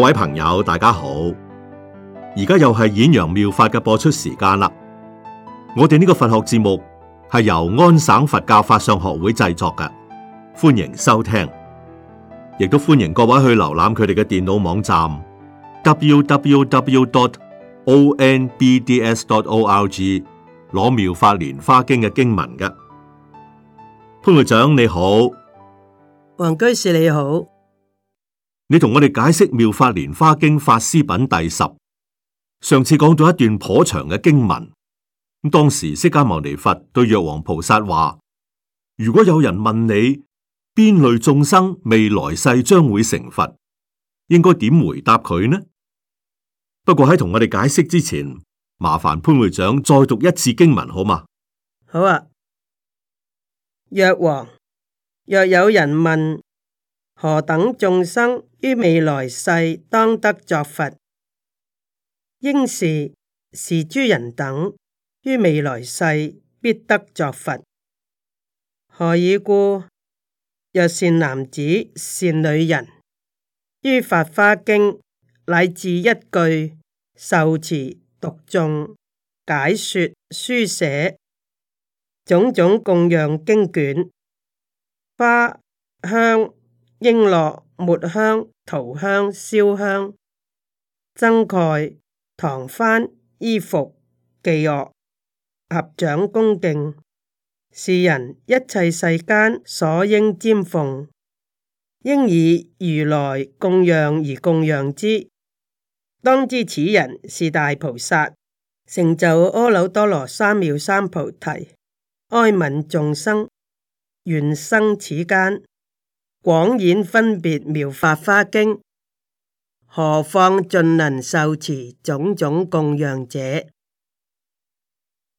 各位朋友，大家好！而家又係演揚妙法嘅播出時間啦。我哋呢個佛學節目係由安省佛教法相學會製作嘅，歡迎收聽，亦都歡迎各位去瀏覽佢哋嘅電腦網站 www.onbds.org d t o d t o 攞妙法蓮花經嘅經文嘅。潘會長，你好，黃居士，你好。你同我哋解釋《妙法蓮華經》《法師品》第十，上次講咗一段頗長嘅經文。咁當時釋迦牟尼佛對藥王菩薩話：如果有人問你邊類眾生未來世將會成佛，應該點回答佢呢？不過喺同我哋解釋之前，麻煩潘會長再讀一次經文好嘛？好啊。藥王，若有人問何等眾生？於未來世當得作佛，應是是諸人等於未來世必得作佛。何以故？若善男子善女人於法花經乃至一句受持讀誦解說書寫，種種供養經卷花香。應落末香、塗香、燒香、繒蓋、幢幡、衣服、伎樂、合掌恭敬，是人一切世間所應瞻奉，應以如來供養而供養之。當知此人是大菩薩，成就阿耨多羅三藐三菩提，哀憫眾生，願生此間。廣演分別妙法花經，何況盡能受持種種供養者？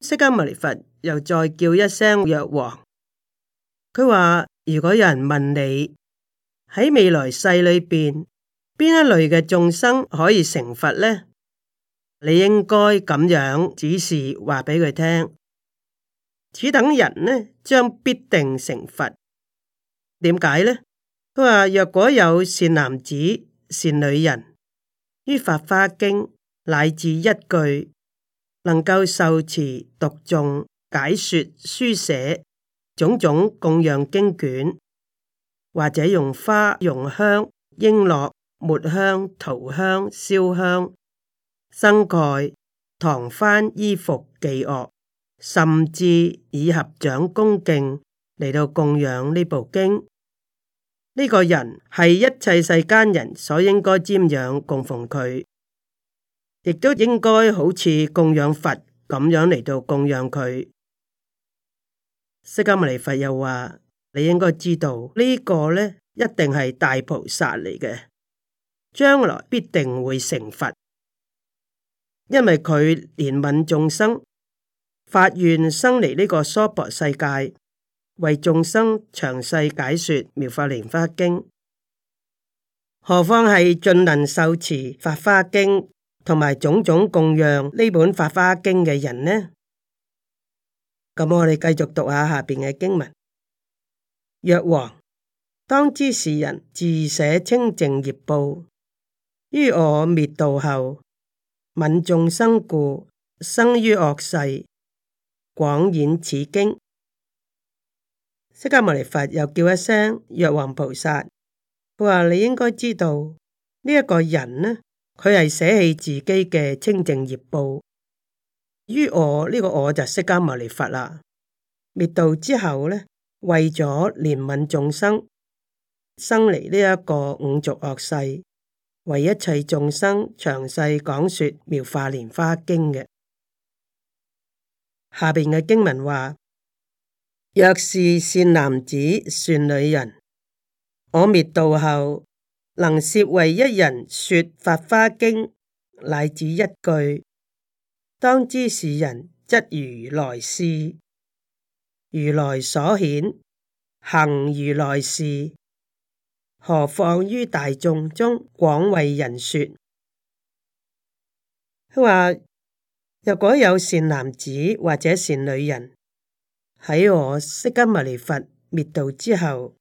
釋迦牟尼佛又再叫一聲藥王，佢話：如果有人問你喺未來世裏邊邊一類嘅眾生可以成佛呢？你應該咁樣指示話俾佢聽，此等人呢將必定成佛。點解呢？佢話：若果有善男子、善女人，於法華經乃至一句，能夠受持、讀誦、解說、書寫種種供養經卷，或者用花、用香、瓔珞、末香、塗香、燒香、繒蓋、幢幡、衣服、伎樂，甚至以合掌恭敬嚟到供養呢部經。呢個人係一切世間人所應該瞻仰供奉佢，亦都應該好似供養佛咁樣嚟到供養佢。釋迦牟尼佛又話：你應該知道、這個、呢個咧，一定係大菩薩嚟嘅，將來必定會成佛，因為佢憐憫眾生，發願生嚟呢個娑婆世界。為眾生詳細解說《妙法蓮花經》，何況係盡能受持法花經同埋種種供養呢本法花經嘅人呢？咁我哋繼續讀下下邊嘅經文：若王當知是人自捨清淨業報，於我滅度後愍眾生故，生於惡世，廣演此經。釋迦牟尼佛又叫一聲藥王菩薩，佢話你應該知道呢一個人呢，佢係捨棄自己嘅清淨業報。於我呢個我就釋迦牟尼佛啦，滅道之後呢，為咗憐憫眾生，生嚟呢一個五濁惡世，為一切眾生詳細講說妙法蓮華經嘅。下邊嘅經文話。若是善男子、善女人，我滅度後能攝為一人說法花經，乃至一句，當知是人則如來事，如來所顯，行如來事，何況於大眾中廣為人說？佢話，如果有善男子或者善女人，喺我釋迦牟尼佛滅度之後，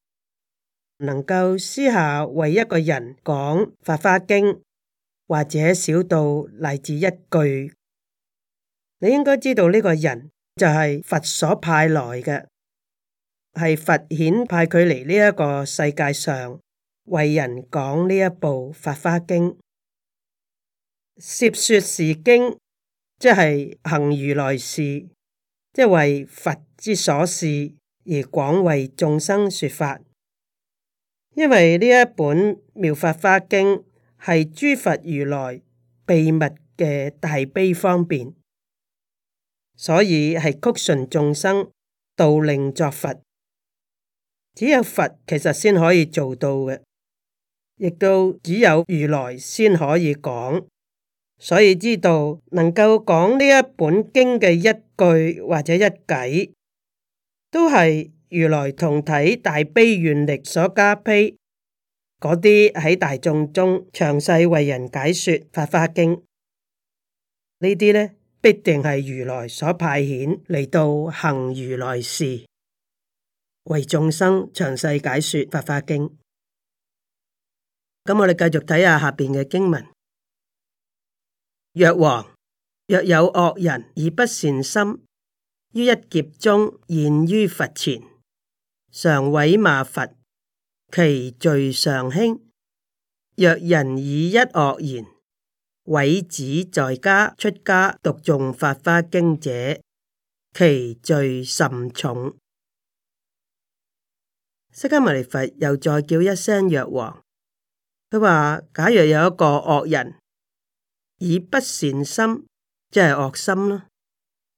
能夠私下為一個人講《法華經》，或者少到乃至一句，你應該知道呢個人就係佛所派來嘅，係佛顯派佢嚟呢一個世界上，為人講呢一部《法華經》、《涉說時經》，即係行如來事，即為佛。之所事而廣為眾生說法，因為呢一本妙法華經係諸佛如來秘密嘅大悲方便，所以係曲順眾生導令作佛，只有佛其實先可以做到嘅，亦都只有如來先可以講，所以知道能夠講呢一本經嘅一句或者一偈，都係如來同體大悲願力所加被，嗰啲喺大眾中詳細為人解說《法華經》這些呢，呢啲咧必定係如來所派遣嚟到行如來事，為眾生詳細解說《法華經》。咁我哋繼續睇下下面嘅經文：藥王若有惡人而不善心。於一劫中現於佛前，常毀罵佛，其罪常輕；若人以一惡言毀呰在家出家讀誦法花經者，其罪甚重。釋迦牟尼佛又再叫一聲藥王，佢話：假若有一個惡人以不善心，即係惡心啦。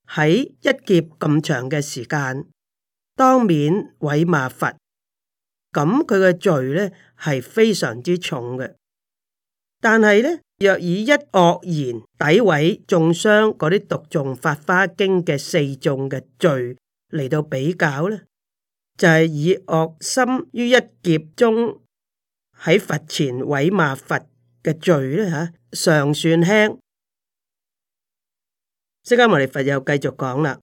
喺一劫咁長嘅時間當面毀罵佛，咁佢嘅罪咧係非常之重嘅。但係咧，若以一惡言詆毀、中傷嗰啲讀誦《法花經》嘅四眾嘅罪嚟到比較咧，就係、是、以惡心於一劫中喺佛前毀罵佛嘅罪咧吓，尚算輕。釋迦牟尼佛又繼續講啦，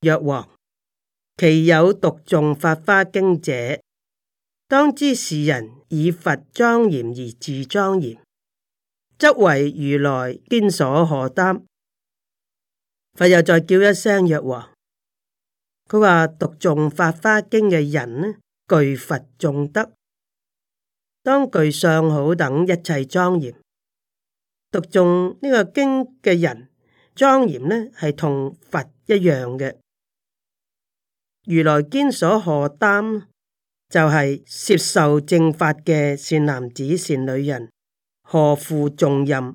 若王其有讀誦法花經者，當知是人以佛莊嚴而自莊嚴，則為如來肩所荷擔。佛又再叫一聲，若王，佢話讀誦法花經嘅人呢，具佛仲德，當具相好等一切莊嚴，讀誦呢個經嘅人。莊嚴呢係同佛一樣嘅，如來肩所荷擔？就係、是、攝受正法嘅善男子善女人，荷負重任？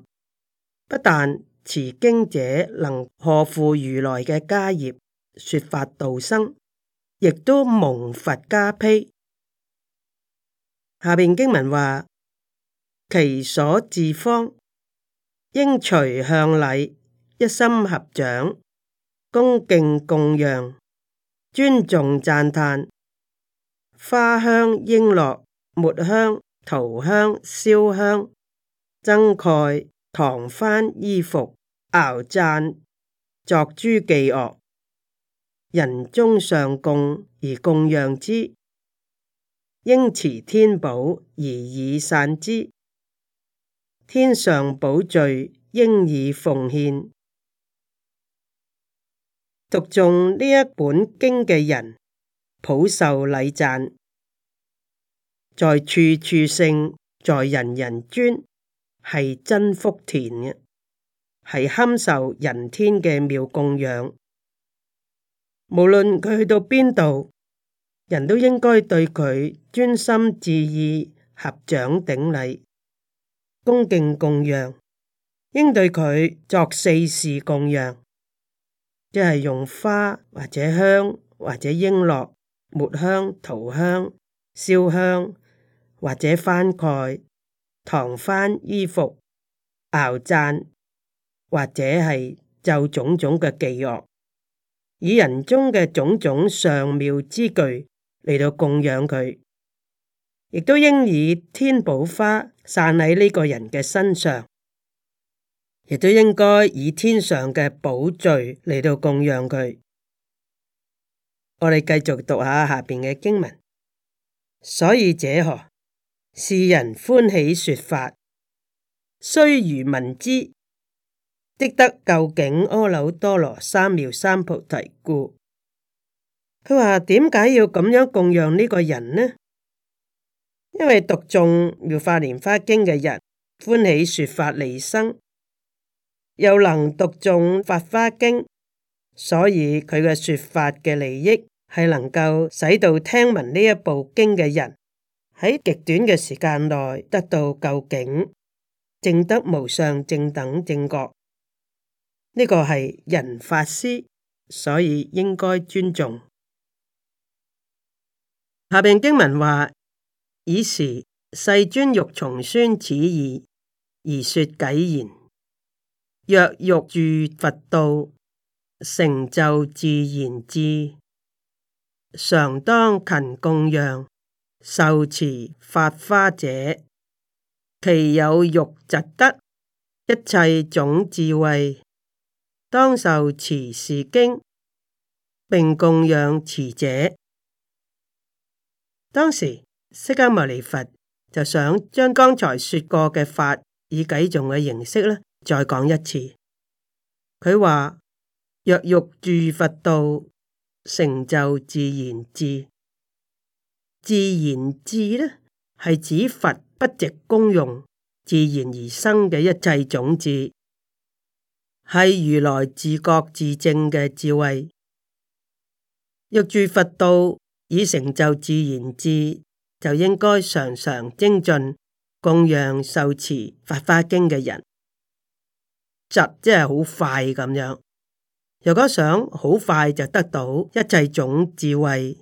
不但持經者能荷負如來嘅家業說法度生，亦都蒙佛加被。下邊經文話：其所至方，應隨向禮。一心合掌，恭敬供養，尊重讚嘆，花香、瓔珞、末香、塗香、燒香，繒蓋幢幡衣服，餚饌作諸伎樂人中上供而供養之，應持天寶而以散之，天上寶聚，應以奉獻。讀誦呢一本經嘅人，普受禮讚，在處處勝，在人人尊，係真福田嘅，係堪受人天嘅妙供養。無論佢去到邊度，人都應該對佢專心致意，合掌頂禮，恭敬供養，應對佢作四事供養。即係用花或者香或者瓔珞、末香、塗香、燒香或者幡蓋、幢幡衣服、餚饌或者係就種種嘅伎樂，以人中嘅種種上妙之具嚟到供養佢，亦都應以天寶花散喺呢個人嘅身上。亦都應該以天上嘅寶聚嚟到供養佢。我哋繼續讀下下面嘅經文。所以者何，是人歡喜說法，須臾聞之，即得，得究竟阿耨多羅三藐三菩提故。佢話點解要咁樣供養呢個人呢？因為讀誦妙法蓮花經嘅人歡喜說法離生。又能讀誦《法華經》，所以佢嘅說法嘅利益係能夠使到聽聞呢一部經嘅人喺極短嘅時間內得到究竟正德無上正等正覺。呢、這個係人法師，所以應該尊重。下面經文話：以時世尊欲從宣此義，而說偈言。若欲住佛道，成就自然智，常當勤供養，受持法花者，其有欲疾得一切種智慧，當受持是經，並供養持者。當時釋迦牟尼佛就想將剛才說過嘅法以偈頌，嘅形式咧。再講一次，佢話：若欲住佛道，成就自然智，自然智呢，係指佛不藉功用，自然而生嘅一切種智，係如來自覺自正嘅智慧。欲住佛道以成就自然智，就應該常常精進供養受持《法華經》嘅人。疾即係好快咁樣，如果想好快就得到一切種智慧，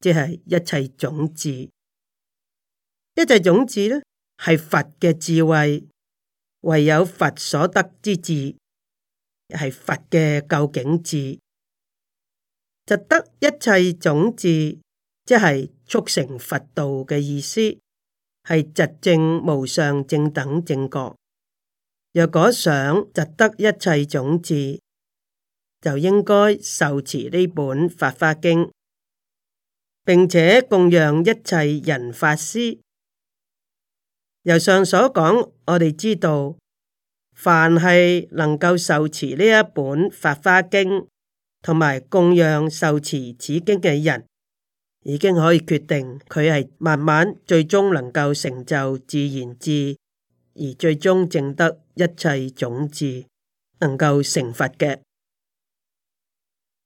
即係一切種智。一切種智咧係佛嘅智慧，唯有佛所得之智係佛嘅究竟智。疾得一切種智，即係促成佛道嘅意思，係疾證無上正等正覺。若果想集得一切種智，就應該受持呢本法華經，並且供養一切人法師。由上所講，我哋知道，凡係能夠受持呢一本法華經，同埋供養受持此經嘅人，已經可以決定佢係慢慢最終能夠成就自然智。而最終證得一切種子能夠成佛嘅。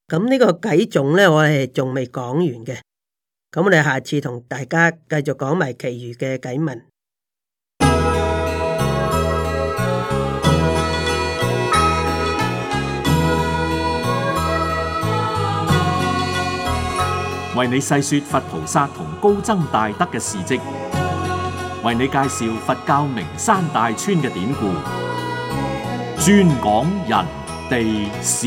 咁呢個偈種呢，我係仲未講完嘅，咁我哋下次同大家繼續講埋其餘嘅偈文，為你細說佛菩薩同高僧大德嘅事跡，為你介紹佛教名山大川嘅典故，專講人地事。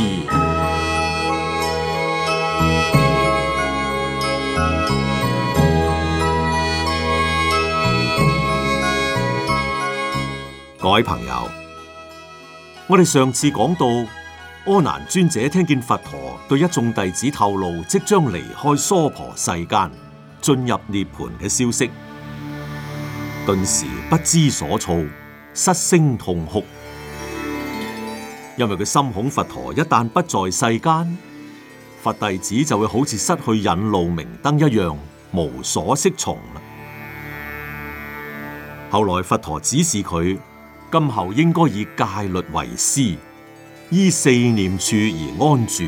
各位朋友，我哋上次講到，阿難尊者聽見佛陀對一眾弟子透露即將離開娑婆世間，進入涅槃嘅消息。頓時不知所措，失聲痛哭。因為佢深恐佛陀一旦不在世間，佛弟子就會好似失去引路明燈一樣，無所適從啦。後來佛陀指示佢，今後應該以戒律為師，依四念處而安住，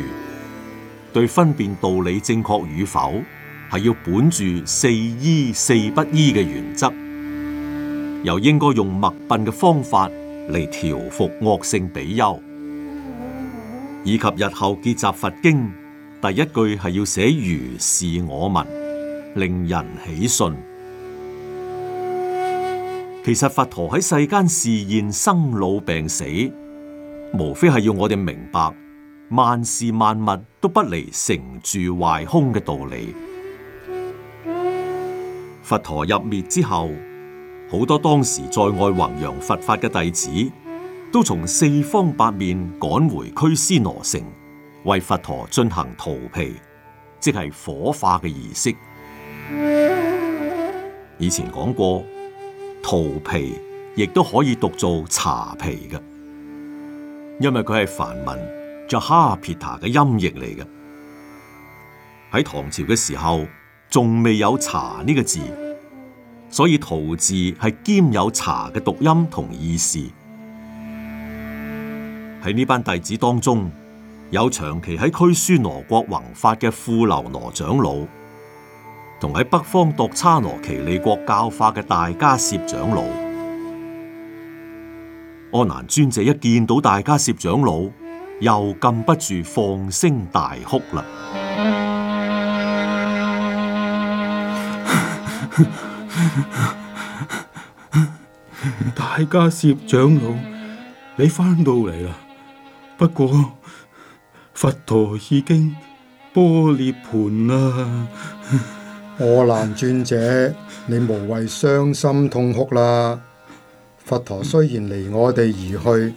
對分辨道理正確與否，係要本住四依四不依嘅原則。又應該用默擯嘅方法嚟調伏惡性比丘，以及日後結集佛經，第一句係要寫如是我聞，令人喜信。其實佛陀喺世間示現生老病死，無非係要我哋明白萬事萬物都不離成住壞空嘅道理。佛陀入滅之後。好多當時在外弘揚佛法嘅弟子，都從四方八面趕回拘尸羅城，為佛陀進行荼毗，即係火化嘅儀式。以前講過，荼毗亦都可以讀做茶毗嘅，因為佢係梵文 jhapita 嘅音譯嚟嘅。喺唐朝嘅時候，仲未有茶呢個字。所以“荼”字係兼有茶嘅讀音同意思。喺呢班弟子當中，有長期喺拘輸羅國弘法嘅富樓那長老，同喺北方獨差羅奇利國教化嘅大迦葉長老。阿難尊者一見到大迦葉長老，又禁不住放聲大哭啦。 大迦葉長老，你翻到嚟啦。不過佛陀已經般涅槃啦。 阿難尊者，你無謂傷心痛哭啦。佛陀雖然離我哋而去，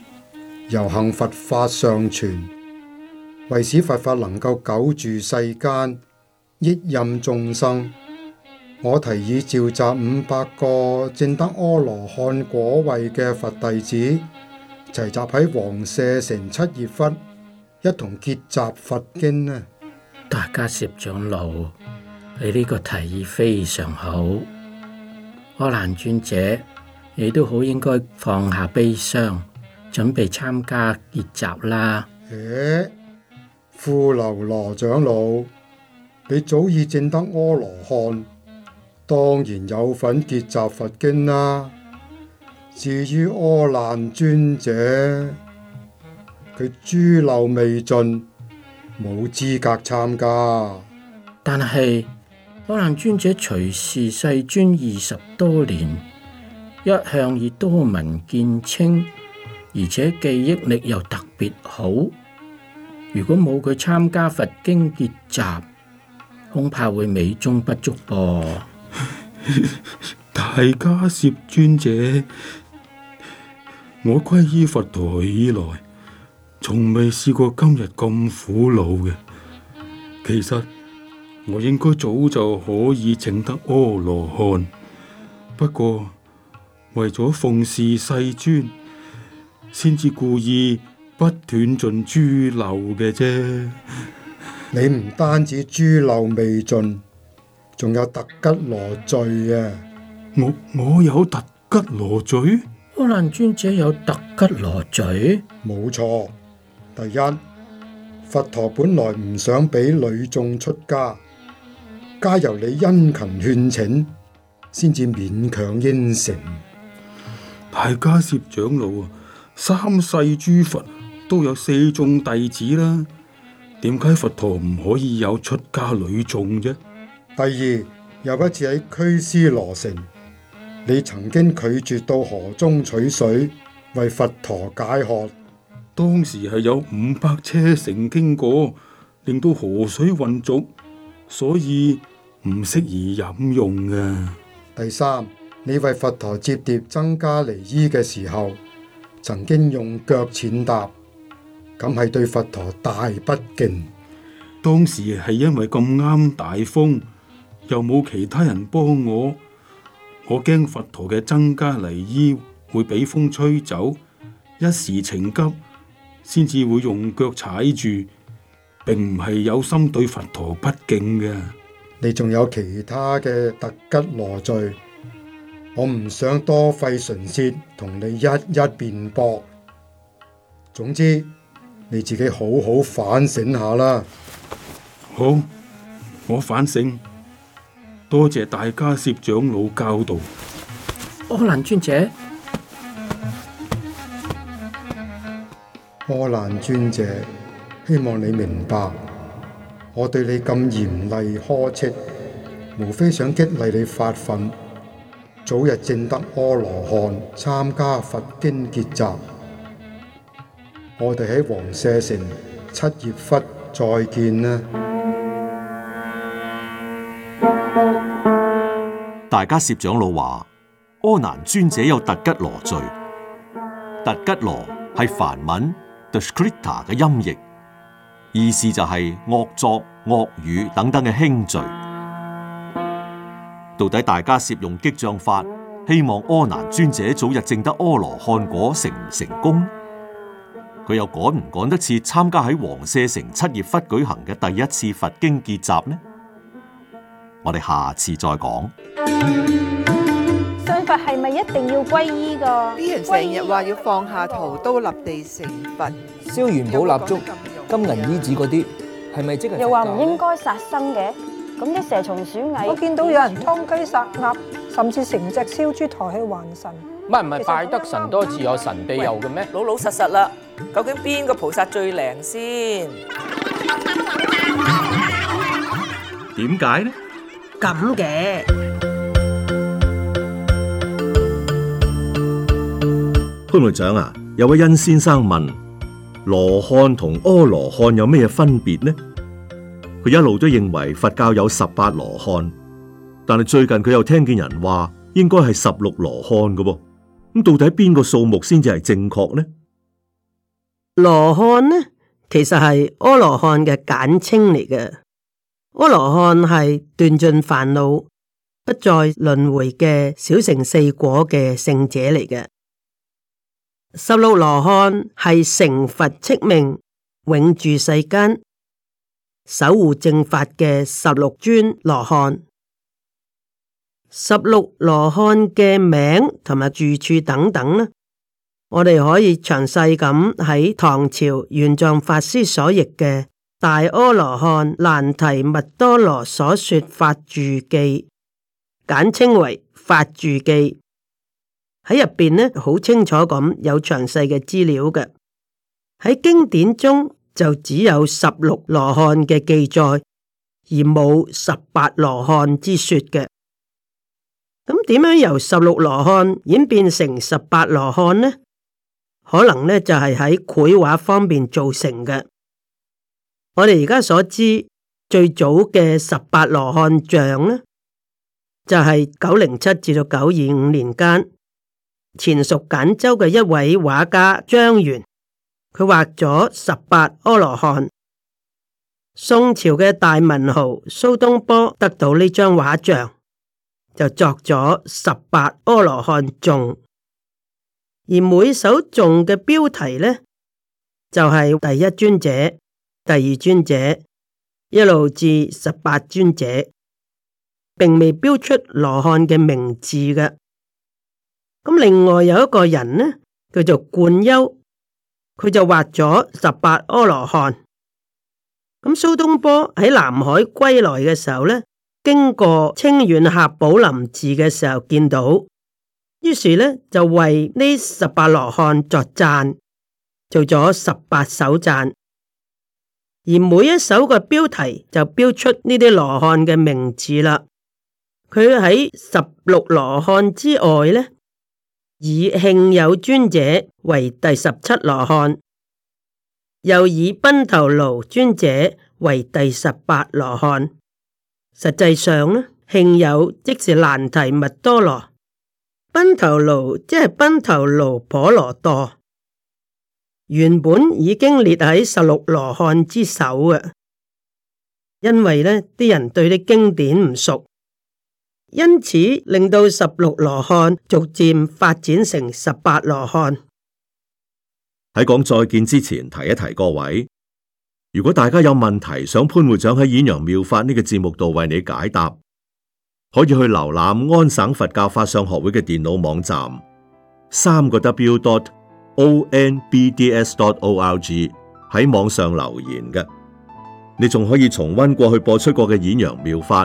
猶幸佛法尚存，為使佛法能夠久住世間，益任眾生。我提議召集五百個證得阿羅漢果位嘅佛弟子，齊集喺王舍城七葉窟，一同結集佛經啊！大迦葉長老，你呢個提議非常好。阿難尊者，你都好應該放下悲傷，準備參加結集啦。欸、富樓羅長老，你早已證得阿羅漢。當然有份結集佛經啦，啊。至於阿難尊者，佢諸漏未盡，冇資格參加。但係阿難尊者隨侍世尊二十多年，一向以多聞見稱，而且記憶力又特別好。如果冇佢參加佛經結集，恐怕會美中不足噃。 大迦葉尊者，我歸依佛陀以來，從未試過今日咁苦惱嘅。其實我應該早就可以證得阿羅漢，不過為咗奉事世尊，先至故意不斷盡諸漏嘅啫。你唔單止諸漏未盡。仲有特吉羅罪啊！我，我有特吉羅罪？阿難尊者有特吉羅罪？冇錯。第一，佛陀本來唔想俾女眾出家，皆由你殷勤勸請，先至勉強應承。大迦葉長老啊，三世諸佛都有四眾弟子啦，點解佛陀唔可以有出家女眾啫？第二，有一次喺拘尸羅城，你曾經拒絕到河中取水為佛陀解渴。當時係有五百車乘經過，令到河水混濁，所以唔適宜飲用嘅。第三，你為佛陀折疊僧伽梨衣嘅時候，曾經用腳踐踏，咁係對佛陀大不敬。當時係因為咁啱大風。又冇其他人幫我，我驚佛陀嘅僧伽梨衣會俾風吹走，一時情急先至會用腳踩住，並唔係有心對佛陀不敬嘅。你仲有其他嘅突吉羅罪，我唔想多費唇舌同你一一辯駁。總之，你自己好好反省下啦。好，我反省。多謝大迦葉長老教導。阿難尊者， 阿難尊者，希望你明白，我對你咁嚴厲呵斥，無非想激勵你發奮，早日證得阿羅漢，參加佛經結集。我哋喺王舍城七葉窟再見啦。大家涉長老話，阿難尊者有突吉羅罪。突吉羅係梵文 duskrita 嘅音譯，意思就係、是、惡作惡語等等嘅輕罪。到底大家涉用激將法，希望阿難尊者早日證得阿羅漢果成唔成功？佢又趕唔趕得切參加喺王舍城七葉窟舉行嘅第一次佛經結集呢？我哋下次再講。信佛係咪一定要皈依噶？啲人成日話要放下屠刀立地成佛，燒元寶蠟燭、金銀衣紙嗰啲，係咪即係？又話唔應該殺生嘅，咁啲蛇蟲鼠蟻，我見到有人劏雞殺鴨，甚至成隻燒豬抬去還神。唔係唔係，拜得神多自有神庇佑嘅咩？老老實實啦，究竟邊個菩薩最靈先？點解呢？咁嘅。潘隊長啊，有位殷先生問羅漢同阿羅漢有咩分別呢？佢一路都認為佛教有十八羅漢，但係最近佢又聽見人話應該係十六羅漢嘅噃。咁到底邊個數目先至係正確呢？羅漢呢，其實係阿羅漢嘅簡稱嚟嘅。阿羅漢係斷盡煩惱、不再輪迴嘅小乘四果嘅聖者嚟嘅。十六羅漢係成佛、敕命、永住世間、守護正法嘅十六尊羅漢。十六羅漢嘅名同埋住處等等呢，我哋可以詳細咁喺唐朝玄奘法師所譯嘅《大阿羅漢難提蜜多羅所說法住記》，簡稱為《法住記》。喺入面呢，好清楚咁有詳細嘅資料嘅。喺經典中就只有十六羅漢嘅記載，而冇十八羅漢之說嘅。咁點樣由十六羅漢演變成十八羅漢呢？可能呢，就係喺繪畫方面造成嘅。我哋而家所知最早嘅十八羅漢像呢，就係九零七至到九二五年間。前屬簡州嘅一位畫家張元，佢畫咗十八阿羅漢。宋朝嘅大文豪蘇東坡得到呢張畫像，就作咗十八阿羅漢頌，而每首頌嘅標題呢，就係第一尊者、第二尊者，一路至十八尊者，並未標出羅漢嘅名字嘅。咁另外有一個人呢，佢叫做貫休，佢就畫咗十八阿羅漢。咁蘇東坡喺南海歸來嘅時候咧，經過清遠峽寶林寺嘅時候見到，於是咧就為呢十八羅漢作讚，做咗十八首讚，而每一首嘅標題就標出呢啲羅漢嘅名字啦。佢喺十六羅漢之外呢。以慶友尊者為第十七羅漢，又以賓頭盧尊者為第十八羅漢。實際上咧，慶友即是難提蜜多羅，賓頭盧即係賓頭盧婆羅多，原本已經列喺十六羅漢之首嘅，因為呢啲人對啲經典唔熟。因此，令到十六羅漢逐漸發展成十八羅漢。喺講再見之前，提一提各位，如果大家有問題想潘會長喺《演陽妙法》呢個節目度為你解答，可以去瀏覽安省佛教法相學會嘅電腦網站，三個 W dot O N B D S dot O R G 喺網上留言嘅。你仲可以重溫過去播出過嘅《演陽妙法》。